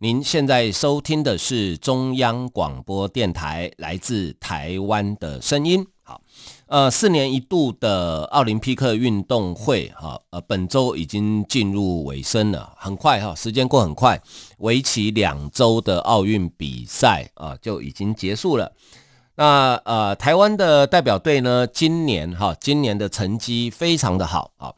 您現在收聽的是中央廣播電台來自台灣的聲音。好，呃，四年一度的奧林匹克運動會，哈，呃，本周已經進入尾聲了。很快，哈，時間過很快，為期兩周的奧運比賽啊，就已經結束了。那呃，台灣的代表隊呢，今年哈，今年的成績非常的好啊，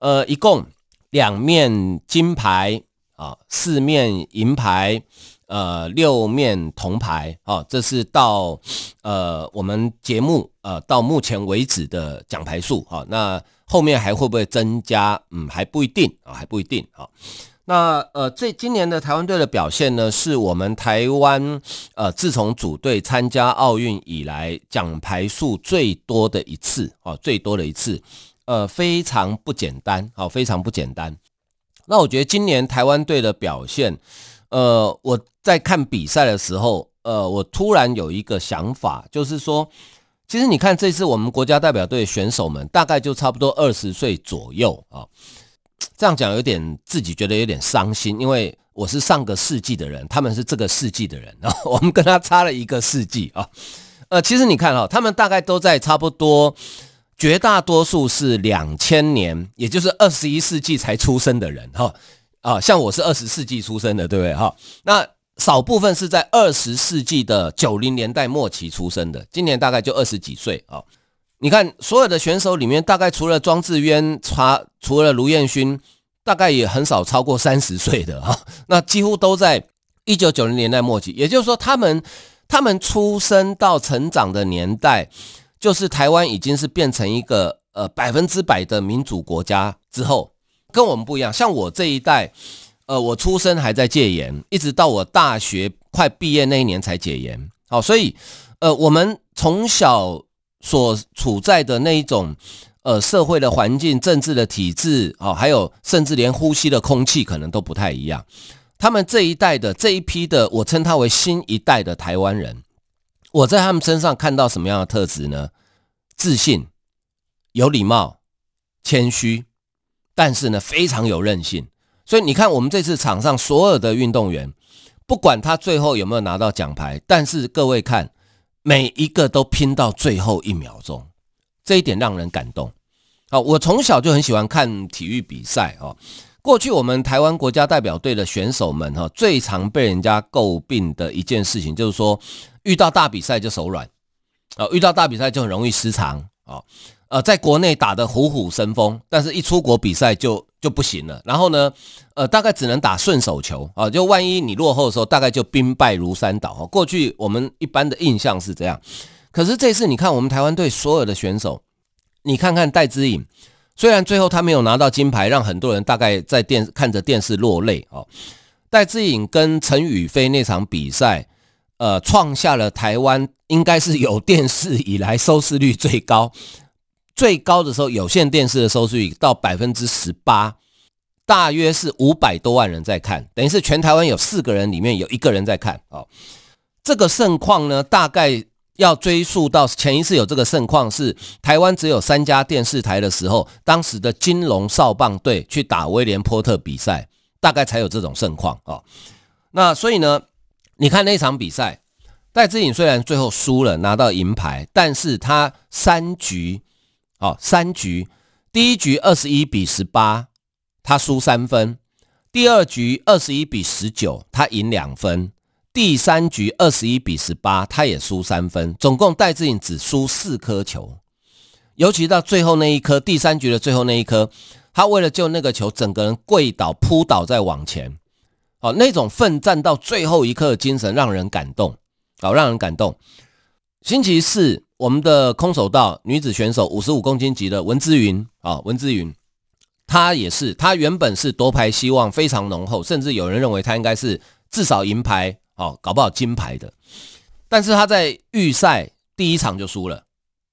呃，一共兩面金牌。啊、哦，四面銀牌，呃，六面銅牌，啊、哦，這是到，呃，我們節目，呃，到目前為止的獎牌數，啊、哦，那後面還會不會增加？嗯，還不一定，啊、哦，還不一定，啊、哦，那呃，這今年的台灣隊的表現呢，是我們台灣，呃，自從組隊參加奧運以來，獎牌數最多的一次，哦，最多的一次，呃，非常不簡單，哦，非常不簡單。那我覺得今年台灣隊的表現，呃，我在看比賽的時候，呃，我突然有一個想法，就是說，其實你看這次我們國家代表隊選手們大概就差不多二十歲左右啊，這樣講有點自己覺得有點傷心，因為我是上個世紀的人，他們是這個世紀的人啊，我們跟他差了一個世紀啊，呃，其實你看哈，他們大概都在差不多。絕大多數是兩千年，也就是二十一世紀才出生的人，哈啊，像我是二十世紀出生的，對不對？哈，那少部分是在二十世紀的九零年代末期出生的，今年大概就二十幾歲啊。你看，所有的選手裡面，大概除了莊智淵，除了盧彥勳，大概也很少超過三十歲的哈。那幾乎都在一九九零年代末期，也就是說，他們他們出生到成長的年代。就是台灣已經是變成一個呃百分之百的民主國家之後，跟我們不一樣。像我這一代，呃，我出生還在戒嚴，一直到我大學快畢業那一年才解嚴。好，所以，呃，我們從小所處在的那一種，呃，社會的環境、政治的體制，哦，還有甚至連呼吸的空氣可能都不太一樣。他們這一代的這一批的，我稱他為新一代的台灣人。我在他們身上看到什麼樣的特質呢？自信、有禮貌、謙虛，但是呢，非常有韌性。所以你看，我們這次場上所有的運動員，不管他最後有沒有拿到獎牌，但是各位看，每一個都拼到最後一秒鐘，這一點讓人感動。我從小就很喜歡看體育比賽哦。過去我們台灣國家代表隊的選手們哈、哦，最常被人家詬病的一件事情就是說，遇到大比賽就手軟，啊，遇到大比賽就很容易失常啊，呃，在國內打得虎虎生風，但是一出國比賽就就不行了。然後呢，呃，大概只能打順手球啊，就萬一你落後的時候，大概就兵敗如山倒。過去我們一般的印象是這樣，可是這次你看我們台灣隊所有的選手，你看看戴資穎，雖然最後他沒有拿到金牌，讓很多人大概在電看着電視落淚哦，戴資穎跟陳雨菲那場比賽。呃，創下了台灣應該是有電視以來收視率最高、最高的時候，有線電視的收視率到百分之十八，大約是五百多萬人在看，等於是全台灣有四個人裡面有一個人在看哦。這個盛況呢，大概要追溯到前一次有這個盛況是台灣只有三家電視台的時候，當時的金龍少棒隊去打威廉波特比賽，大概才有這種盛況哦，那所以呢？你看那場比賽，戴資穎雖然最後輸了拿到銀牌，但是他三局，哦，三局，第一局二十一比十八，他輸三分；第二局二十一比十九，他贏兩分；第三局二十一比十八，他也輸三分。總共戴資穎只輸四顆球，尤其到最後那一顆，第三局的最後那一顆，他為了救那個球，整個人跪倒撲倒在網前。好，那種奮戰到最後一刻的精神讓人感動，好，讓人感動。星期四，我們的空手道女子選手五十五公斤級的文姿云啊，文姿云，她也是，她原本是奪牌希望非常濃厚，甚至有人認為她應該是至少銀牌，哦，搞不好金牌的。但是她在預賽第一場就輸了。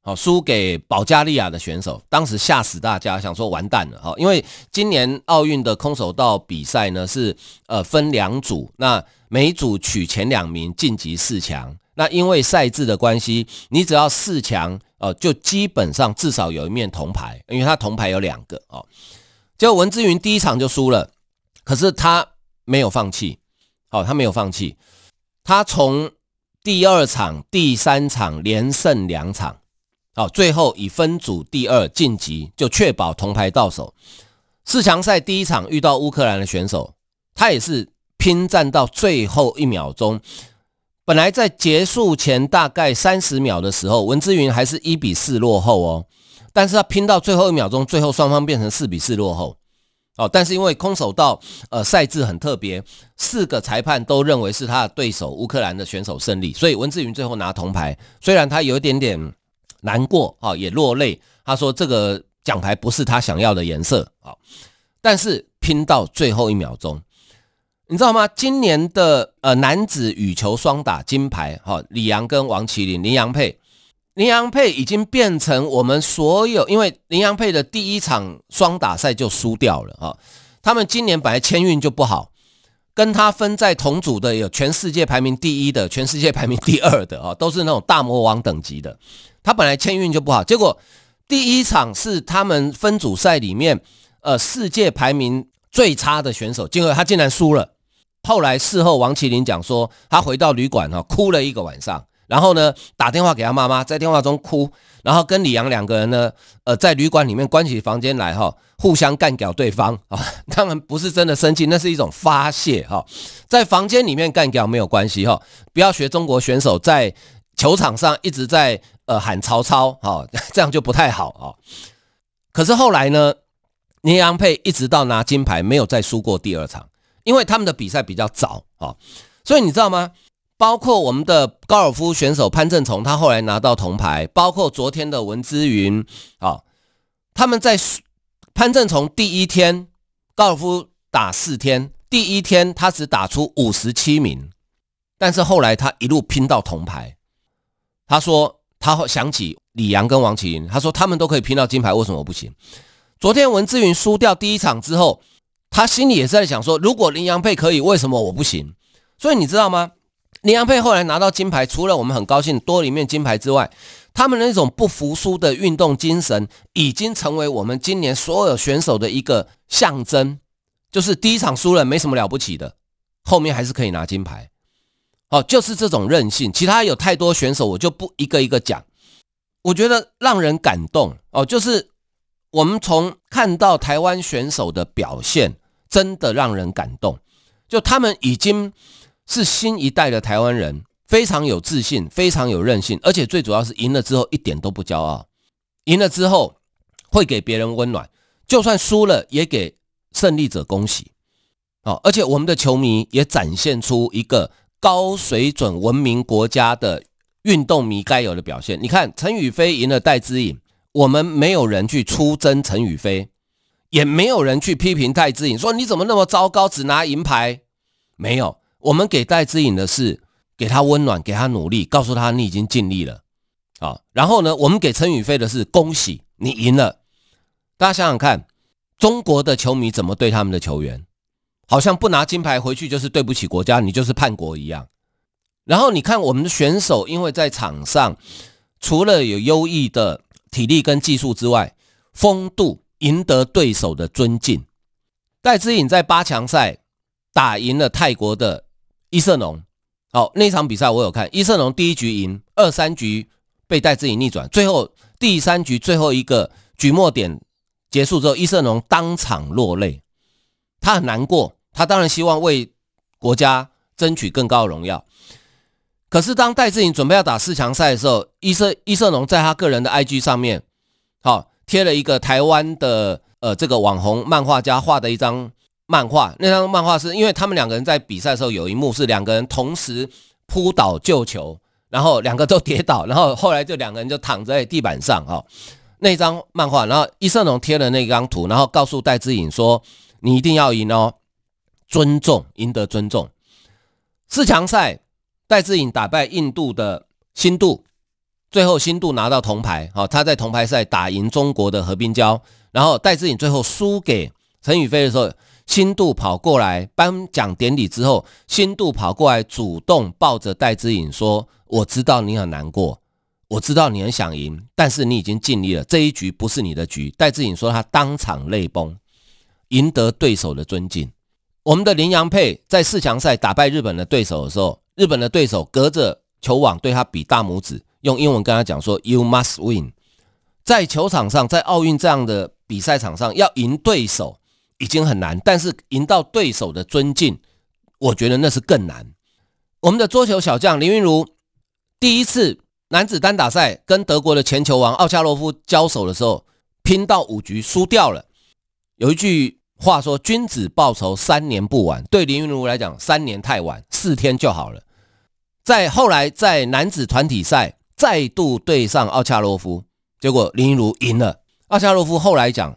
好，輸給保加利亞的選手，當時嚇死大家，想說完蛋了。好，因為今年奧運的空手道比賽呢是呃分兩組，那每組取前兩名晉級四強。那因為賽制的關係，你只要四強哦，就基本上至少有一面銅牌，因為他銅牌有兩個哦。結果文姿雲第一場就輸了，可是他沒有放棄。哦，他沒有放棄，他從第二場、第三場連勝兩場。好，最後以分組第二晉級，就確保銅牌到手。四強賽第一場遇到烏克蘭的選手，他也是拼戰到最後一秒鐘。本來在結束前大概三十秒的時候，文姿雲還是一比四落後哦，但是他拼到最後一秒鐘，最後雙方變成四比四落後。哦，但是因為空手道呃賽制很特別，四個裁判都認為是他的對手烏克蘭的選手勝利，所以文姿雲最後拿銅牌。雖然他有一點點。難過啊，也落淚。他說：“這個獎牌不是他想要的顏色啊，但是拼到最後一秒鐘，你知道嗎？今年的呃男子羽球雙打金牌，哈，李洋跟王齊麟麟洋配，麟洋配已經變成我們所有，因為麟洋配的第一場雙打賽就輸掉了啊。他們今年本來籤運就不好。”跟他分在同組的有全世界排名第一的，全世界排名第二的啊，都是那種大魔王等級的。他本來簽運就不好，結果第一場是他們分組賽裡面，呃，世界排名最差的選手，結果他竟然輸了。後來事後王齊麟講說，他回到旅館哈，哭了一個晚上，然後呢打電話給他媽媽，在電話中哭。然後跟李洋兩個人呢，呃，在旅館裡面關起房間來哈、哦，互相幹掉對方啊，當、哦、然不是真的生氣，那是一種發洩哈、哦，在房間裡面幹掉沒有關係哈、哦，不要學中國選手在球場上一直在呃喊曹操哈、哦，這樣就不太好啊、哦。可是後來呢，麟洋配一直到拿金牌，沒有再輸過第二場，因為他們的比賽比較早啊、哦，所以你知道嗎？包括我們的高爾夫選手潘政琮，他後來拿到銅牌。包括昨天的文姿雲，啊，他們在潘政琮第一天高爾夫打四天，第一天他只打出五十七名，但是後來他一路拼到銅牌。他說他想起李洋跟王齊麟，他說他們都可以拼到金牌，為什麼我不行？昨天文姿雲輸掉第一場之後，他心裡也是在想說，如果麟洋配可以，為什麼我不行？所以你知道嗎？麟洋配後來拿到金牌，除了我們很高興多一面金牌之外，他們那種不服輸的運動精神已經成為我們今年所有選手的一個象徵。就是第一場輸了沒什麼了不起的，後面還是可以拿金牌。好，就是這種韌性。其他有太多選手，我就不一個一個講。我覺得讓人感動哦，就是我們從看到台灣選手的表現，真的讓人感動。就他們已經。是新一代的台灣人非常有自信，非常有韌性，而且最主要是贏了之後一點都不驕傲，贏了之後會給別人溫暖，就算輸了也給勝利者恭喜。哦，而且我們的球迷也展現出一個高水準文明國家的運動迷該有的表現。你看，陳雨菲贏了戴資穎，我們沒有人去出征陳雨菲，也沒有人去批評戴資穎說你怎麼那麼糟糕，只拿銀牌，沒有。我們給戴資穎的是給他溫暖，給他努力，告訴他你已經盡力了，啊，然後呢，我們給陳雨菲的是恭喜你贏了。大家想想看，中國的球迷怎麼對他們的球員？好像不拿金牌回去就是對不起國家，你就是叛國一樣。然後你看我們的選手，因為在場上除了有優異的體力跟技術之外，風度贏得對手的尊敬。戴資穎在八強賽打贏了泰國的。依瑟儂，好，那場比賽我有看，依瑟儂第一局贏，二三局被戴資穎逆轉，最後第三局最後一個局末點結束之後，依瑟儂當場落淚，他很難過，他當然希望為國家爭取更高的榮耀，可是當戴資穎準備要打四強賽的時候，依瑟依瑟儂在他個人的 IG 上面，好貼了一個台灣的呃這個網紅漫畫家畫的一張。漫畫，那張漫畫是因為他們兩個人在比賽的時候，有一幕是兩個人同時撲倒救球，然後兩個都跌倒，然後後來就兩個人就躺在地板上哦。那張漫畫，然後依瑟儂貼了那張圖，然後告訴戴資穎說：“你一定要贏哦，尊重贏得尊重。”四強賽，戴資穎打敗印度的辛度，最後辛度拿到銅牌。好，他在銅牌賽打贏中國的何冰嬌，然後戴資穎最後輸給陳雨菲的時候，辛度跑過來，頒獎典禮之後，辛度跑過來主動抱着戴資穎說：“我知道你很難過，我知道你很想贏，但是你已經盡力了，這一局不是你的局。”戴資穎說他當場淚崩，贏得對手的尊敬。我們的麟洋配在四強賽打敗日本的對手的時候，日本的對手隔着球網對他比大拇指，用英文跟他講說：“You must win。”在球場上，在奧運這樣的比賽場上，要贏對手，已經很難，但是贏到對手的尊敬，我覺得那是更難。我們的桌球小將林昀儒，第一次男子單打賽跟德國的前球王奧恰洛夫交手的時候，拼到五局輸掉了。有一句話說：“君子報仇三年不晚。”對林昀儒來講，三年太晚，四天就好了。再後來，在男子團體賽再度對上奧恰洛夫，結果林昀儒贏了。奧恰洛夫後來講。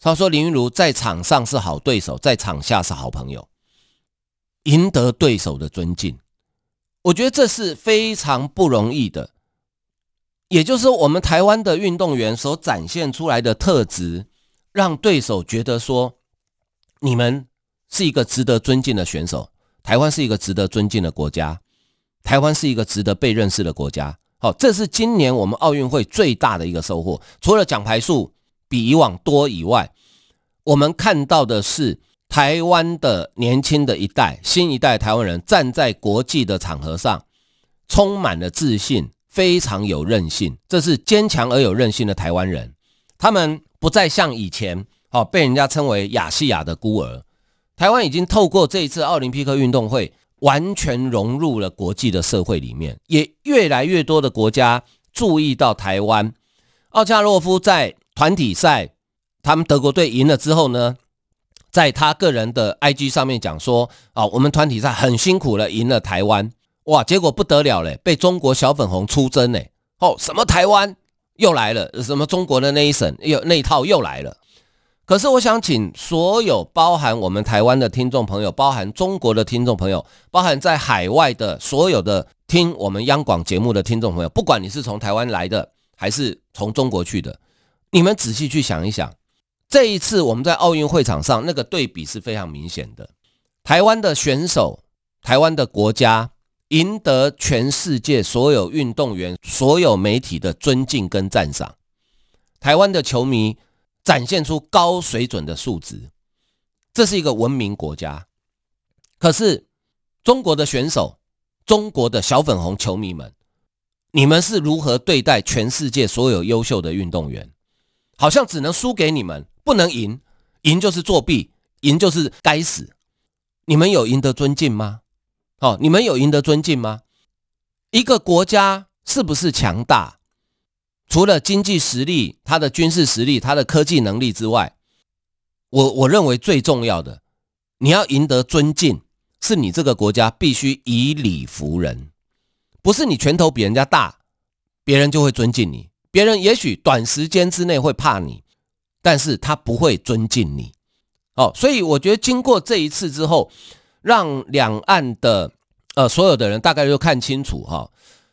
他說：“林昀儒在場上是好對手，在場下是好朋友，贏得對手的尊敬。我覺得這是非常不容易的，也就是說我們台灣的運動員所展現出來的特質，讓對手覺得說你們是一個值得尊敬的選手，台灣是一個值得尊敬的國家，台灣是一個值得被認識的國家。好，這是今年我們奧運會最大的一個收穫，除了獎牌數。”比以往多以外，我們看到的是台灣的年輕的一代，新一代台灣人站在國際的場合上，充滿了自信，非常有韌性。這是堅強而有韌性的台灣人，他們不再像以前哦、啊、被人家稱為“亞細亞的孤兒”。台灣已經透過這一次奧林匹克運動會，完全融入了國際的社會裡面，也越來越多的國家注意到台灣。奧恰洛夫在。團體賽，他們德國隊贏了之後呢，在他個人的 IG 上面講說，哦，我們團體賽很辛苦了，贏了台灣，哇，結果不得了嘞，被中國小粉紅出征嘞，哦，什麼台灣又來了，什麼中國的那一省又那一套又來了。可是我想請所有包含我們台灣的聽眾朋友，包含中國的聽眾朋友，包含在海外的所有的聽我們央廣節目的聽眾朋友，不管你是從台灣來的還是從中國去的。你們仔細去想一想，這一次我們在奧運會場上那個對比是非常明顯的。台灣的選手，台灣的國家贏得全世界所有運動員、所有媒體的尊敬跟贊賞。台灣的球迷展現出高水準的素質，這是一個文明國家。可是，中國的選手，中國的小粉紅球迷們，你們是如何對待全世界所有優秀的運動員？好像只能輸給你們，不能贏，贏就是作弊，贏就是該死。你們有贏得尊敬嗎？哦，你們有贏得尊敬嗎？一個國家是不是強大，除了經濟實力、它的軍事實力、它的科技能力之外，我我認為最重要的，你要贏得尊敬，是你這個國家必須以理服人，不是你拳頭比人家大，別人就會尊敬你。別人也許短時間之內會怕你，但是他不會尊敬你，哦，所以我覺得經過這一次之後，讓兩岸的呃所有的人大概就看清楚哈，哦，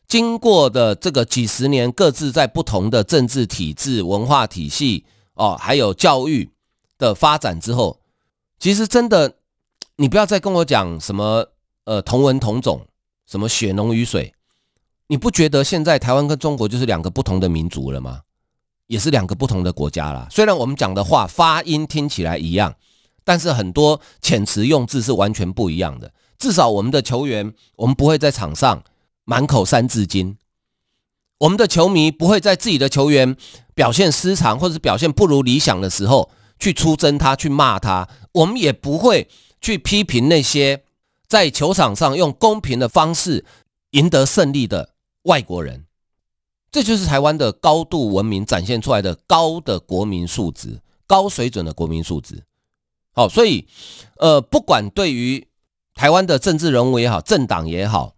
經過的這個幾十年各自在不同的政治體制、文化體系哦，還有教育的發展之後，其實真的你不要再跟我講什麼呃同文同種，什麼血濃於水。你不覺得現在台灣跟中國就是兩個不同的民族了嗎？也是兩個不同的國家啦。雖然我們講的話發音聽起來一樣，但是很多遣詞用字是完全不一樣的。至少我們的球員，我們不會在場上滿口三字經；我們的球迷不會在自己的球員表現失常或者是表現不如理想的時候去出征他去罵他；我們也不會去批評那些在球場上用公平的方式贏得勝利的外國人，這就是台灣的高度文明展現出來的高的國民素質、高水準的國民素質。哦，所以，呃，不管對於台灣的政治人物也好、政黨也好，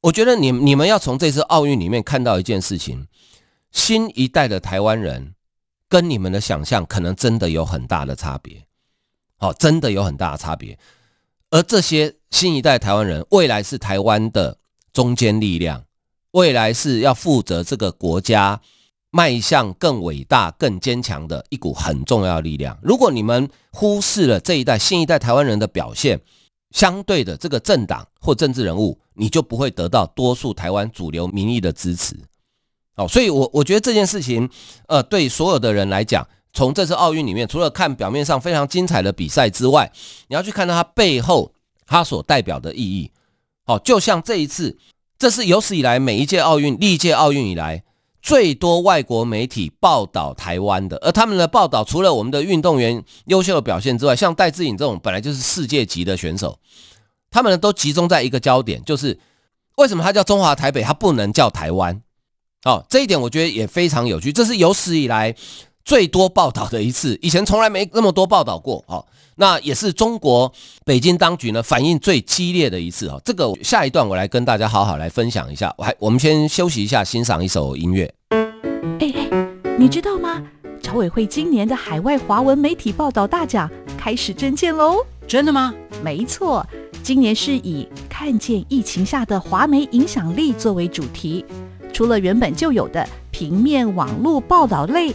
我覺得你你們要從這次奧運裡面看到一件事情：新一代的台灣人跟你們的想象可能真的有很大的差別。哦，真的有很大的差別。而這些新一代的台灣人，未來是台灣的中堅力量。未來是要負責這個國家邁向更偉大、更堅強的一股很重要的力量。如果你們忽視了這一代、新一代台灣人的表現，相對的這個政黨或政治人物，你就不會得到多數台灣主流民意的支持。哦，所以，我我覺得這件事情，呃，對所有的人來講，從這次奧運裡面，除了看表面上非常精彩的比賽之外，你要去看到它背後它所代表的意義。哦，就像這一次。這是有史以來每一屆奧運、歷屆奧運以來最多外國媒體報道台灣的。而他們的報道除了我們的運動員優秀的表現之外，像戴資穎這種本來就是世界級的選手，他們都集中在一個焦點，就是為什麼他叫中華台北，他不能叫台灣？哦，這一點我覺得也非常有趣，這是有史以來。最多報道的一次，以前從來沒那麼多報道過啊、哦！那也是中國北京當局呢反應最激烈的一次啊、哦！這個下一段我來跟大家好好來分享一下。我還我們先休息一下，欣賞一首音樂。哎哎，你知道嗎？僑委會今年的海外華文媒體報道大獎開始徵件嘍！真的嗎？沒錯，今年是以“看見疫情下的華媒影響力”作為主題，除了原本就有的平面、網絡報道類。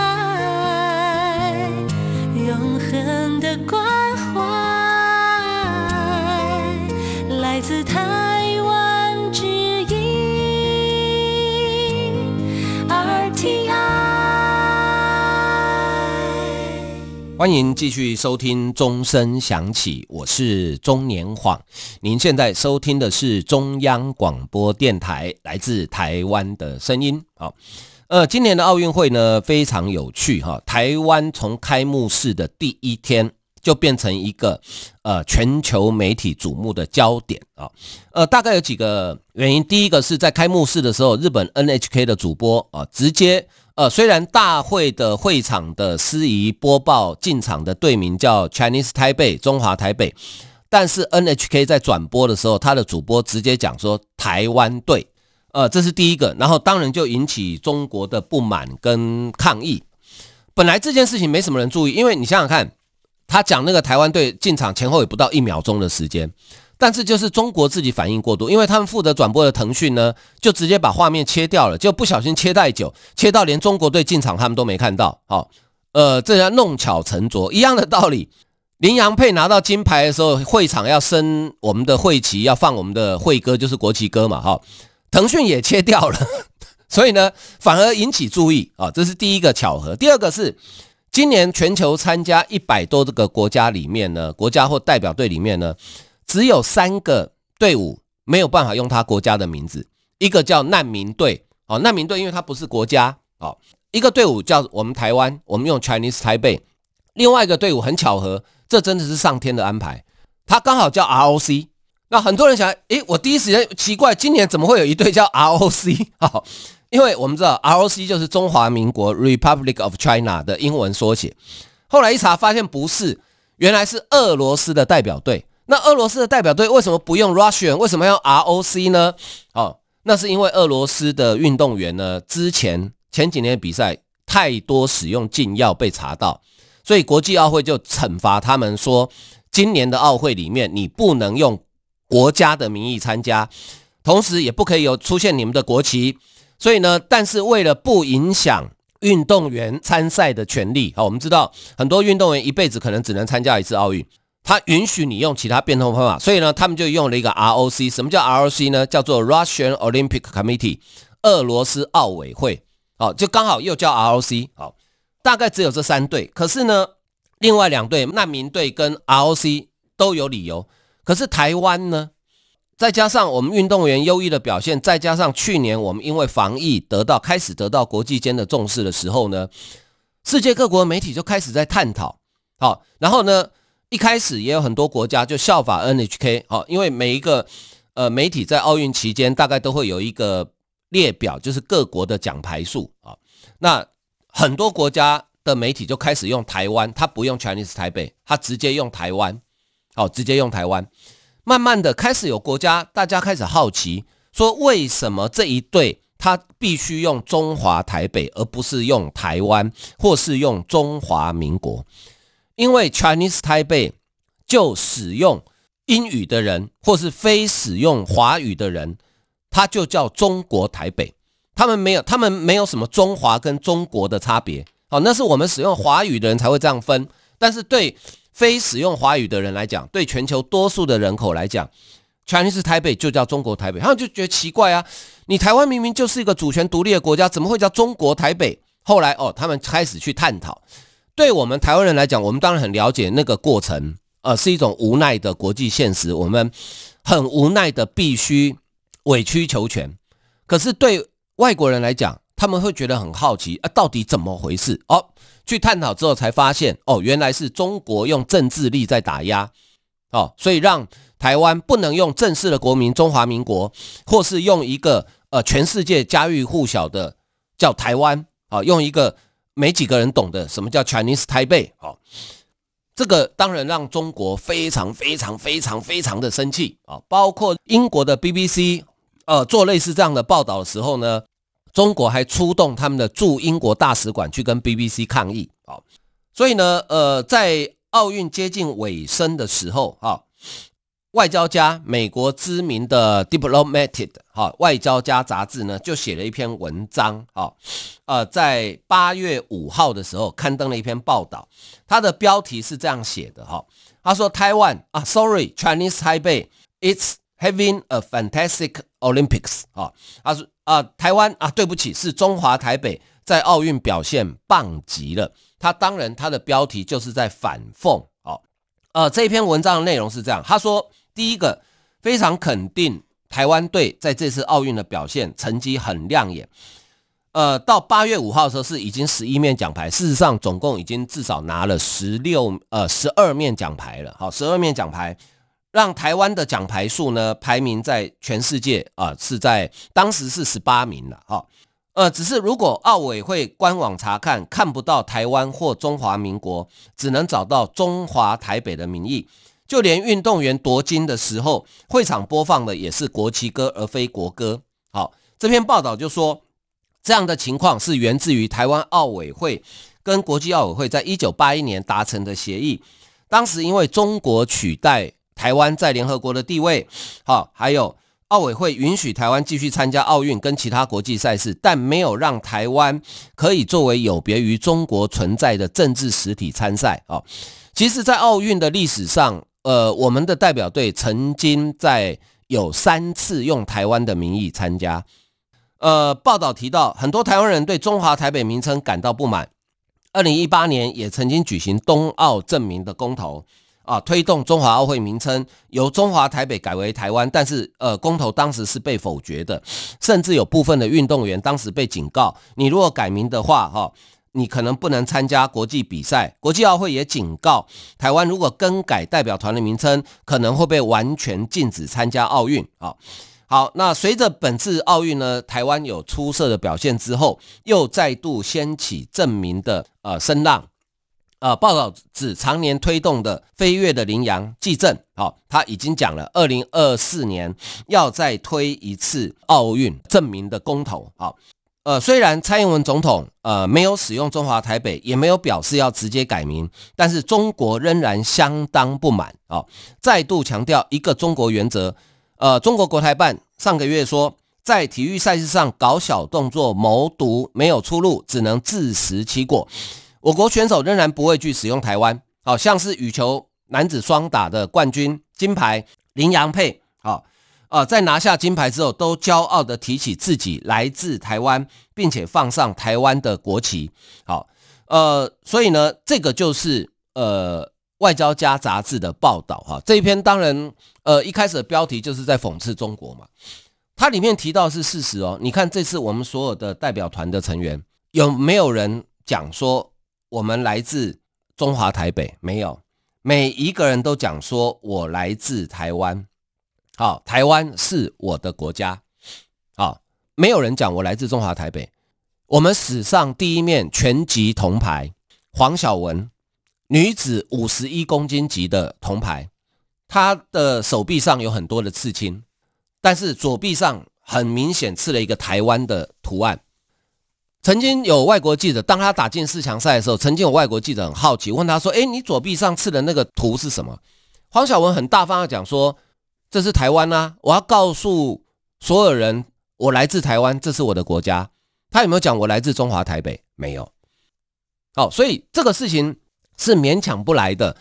的關懷，來自台灣之音 RTI，歡迎繼續收聽，鐘聲響起，我是鍾年晃。您現在收聽的是中央廣播電台來自台灣的聲音。好。呃，今年的奧運會呢，非常有趣哈、啊，台灣從開幕式的第一天就變成一個呃，全球媒體矚目的焦點啊，呃，大概有幾個原因，第一個是在開幕式的時候，日本 N H K 的主播啊，直接呃，雖然大會的會場的司儀播報進場的隊名叫 Chinese Taipei 中華台北，但是 N H K 在轉播的時候，他的主播直接講說台灣隊。呃，這是第一個，然後當然就引起中國的不滿跟抗議。本來這件事情沒什麼人注意，因為你想想看，他講那個台灣隊進場前後也不到一秒鐘的時間，但是就是中國自己反應過度，因為他們負責轉播的騰訊呢，就直接把畫面切掉了，就不小心切太久，切到連中國隊進場他們都沒看到。好，呃，這叫弄巧成拙，一樣的道理。麟洋配拿到金牌的時候，會場要升我們的會旗，要放我們的會歌，就是國旗歌嘛，哈。騰訊也切掉了，所以呢，反而引起注意啊，這是第一個巧合。第二個是今年全球參加一百多這個國家裡面呢，國家或代表隊裡面呢，只有三個隊伍沒有辦法用他國家的名字，一個叫難民隊，哦，難民隊因為它不是國家，哦，一個隊伍叫我們台灣，我們用 Chinese Taipei，另外一個隊伍很巧合，這真的是上天的安排，它剛好叫 ROC。那很多人想，誒，我第一時間奇怪，今年怎麼會有一隊叫 ROC，因為我們知道 ROC 就是中華民國 Republic of China 的英文縮寫。後來一查發現不是，原來是俄羅斯的代表隊。那俄羅斯的代表隊為什麼不用 Russian，為什麼要 ROC 呢？哦，那是因為俄羅斯的運動員呢，之前前幾年比賽太多使用禁藥被查到，所以國際奧會就懲罰他們說，今年的奧會裡面你不能用。國家的名義參加，同時也不可以有出現你們的國旗。所以呢，但是為了不影響運動員參賽的權利，好，我們知道很多運動員一輩子可能只能參加一次奧運，他允許你用其他變通方法。所以呢，他們就用了一個 ROC。什麼叫 ROC 呢？叫做 Russian Olympic Committee，俄羅斯奧委會。好，就剛好又叫 ROC。好，大概只有這三隊。可是呢，另外兩隊難民隊跟 ROC 都有理由。可是台灣呢，再加上我們運動員優異的表現，再加上去年我們因為防疫得到開始得到國際間的重視的時候呢，世界各國的媒體就開始在探討。好、哦，然後呢，一開始也有很多國家就效法 NHK。哦，因為每一個呃媒體在奧運期間大概都會有一個列表，就是各國的獎牌數啊、哦。那很多國家的媒體就開始用台灣，他不用 Chinese 台北，他直接用台灣。好，直接用台灣。慢慢的開始有國家，大家開始好奇，說為什麼這一隊他必須用中華台北，而不是用台灣，或是用中華民國？因為 Chinese Taipei 就使用英語的人，或是非使用華語的人，他就叫中國台北。他們沒有，他們沒有什麼中華跟中國的差別。好，那是我們使用華語的人才會這樣分。但是對。非使用華語的人來講，對全球多數的人口來講，Chinese Taipei 就叫中國台北，他們就覺得奇怪啊！你台灣明明就是一個主權獨立的國家，怎麼會叫中國台北？後來哦，他們開始去探討，對我們台灣人來講，我們當然很了解那個過程，呃，是一種無奈的國際現實，我們很無奈的必須委曲求全。可是對外國人來講，他們會覺得很好奇啊，到底怎麼回事？哦。去探討之後才發現，哦，原來是中國用政治力在打壓，哦，所以讓台灣不能用正式的國民中華民國，或是用一個呃全世界家喻戶曉的叫台灣，啊，哦，用一個沒幾個人懂的什麼叫 Chinese Taipei，哦，這個當然讓中國非常非常非常非常的生氣啊，哦，包括英國的 BBC，呃，做類似這樣的報道的時候呢。中國還出動他們的駐英國大使館去跟 BBC 抗議，哦，所以呢，呃，在奧運接近尾聲的時候，哦，外交家美國知名的《Diplomat》、哦、外交家雜誌呢就寫了一篇文章，哦，呃，在八月五號的時候刊登了一篇報道，它的標題是這樣寫的，哈、哦，他說：“台灣啊，sorry，Chinese Taipei，it's having a fantastic Olympics、哦。”啊，他說。啊、呃，台灣啊，對不起，是中華台北在奧運表現棒極了。他當然他的標題就是在反諷，好、哦，呃，這篇文章的內容是這樣，他說，第一個非常肯定台灣隊在這次奧運的表現成績很亮眼，呃，到八月五號的時候是已經十一面獎牌，事實上總共已經至少拿了十六，呃，十二面獎牌了，好、哦，十二面獎牌。讓台灣的獎牌數呢，排名在全世界啊、呃，是在當時是十八名了、哦、呃，只是如果奧委會官網查看，看不到台灣或中華民國，只能找到中華台北的名義。就連運動員奪金的時候，會場播放的也是國旗歌而非國歌。好、哦，這篇報道就說，這樣的情況是源自於台灣奧委會跟國際奧委會在一九八一年達成的協議。當時因為中國取代。台灣在聯合國的地位，好，還有奧委會允許台灣繼續參加奧運跟其他國際賽事，但沒有讓台灣可以作為有別於中國存在的政治實體參賽啊。其實，在奧運的歷史上，呃，我們的代表隊曾經在有三次用台灣的名義參加。呃，報道提到，很多台灣人對中華台北名稱感到不滿。二零一八年也曾經舉行冬奧正名的公投。啊，推動中華奧會名稱由中華台北改為台灣，但是呃，公投當時是被否決的，甚至有部分的運動員當時被警告，你如果改名的話，哈、哦，你可能不能參加國際比賽。國際奧會也警告台灣，如果更改代表團的名稱，可能會被完全禁止參加奧運啊、哦。好，那隨着本次奧運呢，台灣有出色的表現之後，又再度掀起正名的呃聲浪。呃，報道指常年推動的飛躍的羚羊紀政他已經講了，二零二四年要再推一次奧運正名的公投，好、哦，呃，雖然蔡英文總統呃沒有使用中華台北，也沒有表示要直接改名，但是中國仍然相當不滿，啊、哦，再度強調一個中國原則，呃，中國國台辦上個月說，在體育賽事上搞小動作謀獨沒有出路，只能自食其果。我國選手仍然不會去使用台灣，好像是羽球男子雙打的冠軍金牌麟洋配，好啊，在拿下金牌之後，都驕傲的提起自己來自台灣，並且放上台灣的國旗，好，呃，所以呢，這個就是呃《外交家》雜誌的報道，哈，這一篇當然，呃，一開始的標題就是在諷刺中國嘛，它裡面提到的是事實哦，你看這次我們所有的代表團的成員有沒有人講說？我們來自中華台北？沒有，每一個人都講說我來自台灣，好、哦，台灣是我的國家，好、哦，沒有人講我來自中華台北。我們史上第一面拳擊銅牌，黃筱雯女子五十一公斤級的銅牌，她的手臂上有很多的刺青，但是左臂上很明顯刺了一個台灣的圖案。曾經有外國記者，當他打進四強賽的時候，曾經有外國記者很好奇問他說：“哎，你左臂上刺的那個圖是什麼？”黃筱雯很大方的講說：“這是台灣啊，我要告訴所有人，我來自台灣，這是我的國家。”他有沒有講我來自中華台北？沒有。哦，所以這個事情是勉強不來的，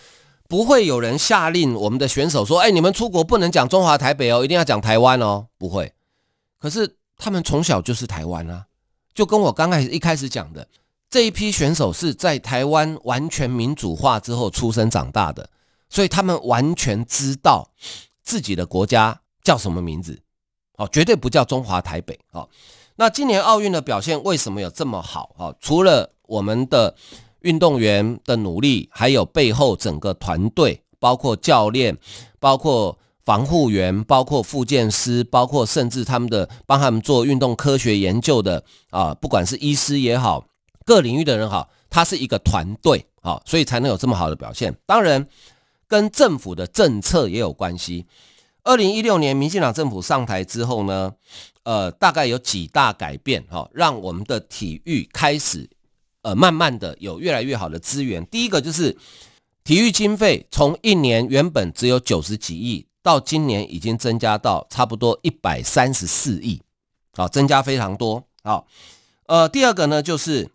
不會有人下令我們的選手說：“哎，你們出國不能講中華台北哦，一定要講台灣哦。”不會。可是他們從小就是台灣啊。就跟我剛開始一開始講的，這一批選手是在台灣完全民主化之後出生長大的，所以他們完全知道自己的國家叫什麼名字，哦，絕對不叫中華台北，哦。那今年奧運的表現為什麼有這麼好？哦，除了我們的運動員的努力，還有背後整個團隊，包括教練，包括。防護員，包括復健師，包括甚至他們的幫他們做運動科學研究的啊，不管是醫師也好，各領域的人好，他是一個團隊、啊、所以才能有這麼好的表現。當然，跟政府的政策也有關係。二零一六年，民進黨政府上台之後呢，呃，大概有幾大改變哈、啊，讓我們的體育開始呃，慢慢的有越來越好的資源。第一個就是體育經費從一年原本只有九十幾億。到今年已經增加到差不多一百三十四億、哦，增加非常多，哦、呃，第二個呢就是，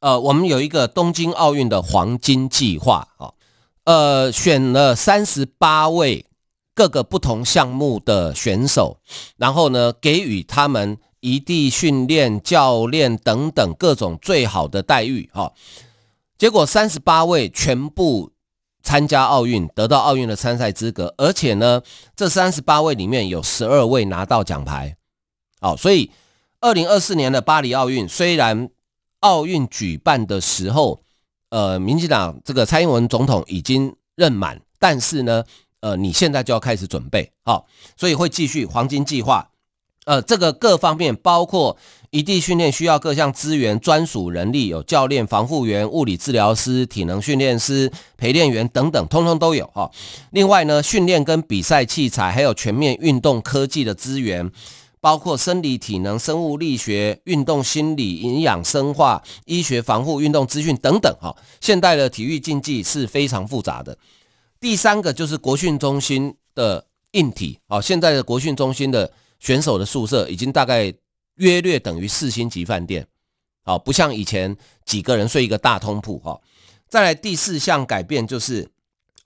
呃，我們有一個東京奧運的黃金計劃，啊、哦，呃，選了三十八位各個不同項目的選手，然後呢給予他們移地訓練、教練等等各種最好的待遇，哈、哦，結果三十八位全部。參加奧運得到奧運的參賽資格，而且呢，這三十八位裡面有十二位拿到獎牌，哦，所以二零二四年的巴黎奧運，雖然奧運舉辦的時候，呃，民進黨這個蔡英文總統已經任滿，但是呢，呃，你現在就要開始準備，好，所以會繼續黃金計劃。呃，這個各方面包括移地訓練需要各項資源、專屬人力，有教練、防護員、物理治療師、體能訓練師、陪練員等等，通通都有哈、哦。另外呢，訓練跟比賽器材，還有全面運動科技的資源，包括生理體能、生物力學、運動心理、營養生化、醫學防護、運動資訊等等哈、哦。現代的體育競技是非常複雜的。第三個就是國訓中心的硬體，好、哦，現在的國訓中心的。選手的宿舍已經大概約略等於四星級飯店，啊，不像以前幾個人睡一個大通鋪哈。再來第四項改變就是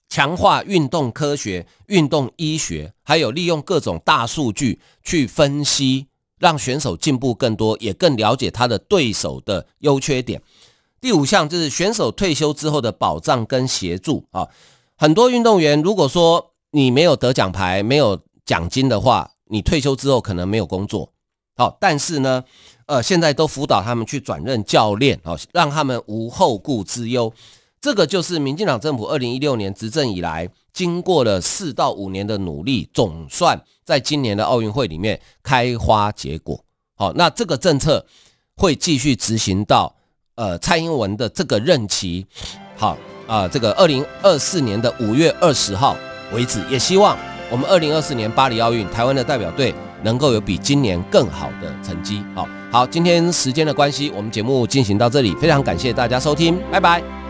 強化運動科學、運動醫學，還有利用各種大數據去分析，讓選手進步更多，也更了解他的對手的優缺點。第五項就是選手退休之後的保障跟協助啊，很多運動員如果說你沒有得獎牌、沒有獎金的話，你退休之後可能沒有工作，好，但是呢，呃，現在都輔導他們去轉任教練好，哦，讓他們無後顧之憂。這個就是民進黨政府二零一六年執政以來，經過了四到五年的努力，總算在今年的奧運會裡面開花結果。好，那這個政策會繼續執行到呃蔡英文的這個任期，好啊，呃，這個二零二四年的五月二十號為止，也希望。我們二零二四年巴黎奧運，台灣的代表隊能夠有比今年更好的成績。好好，今天時間的關係，我們節目進行到這裡，非常感謝大家收聽，拜拜。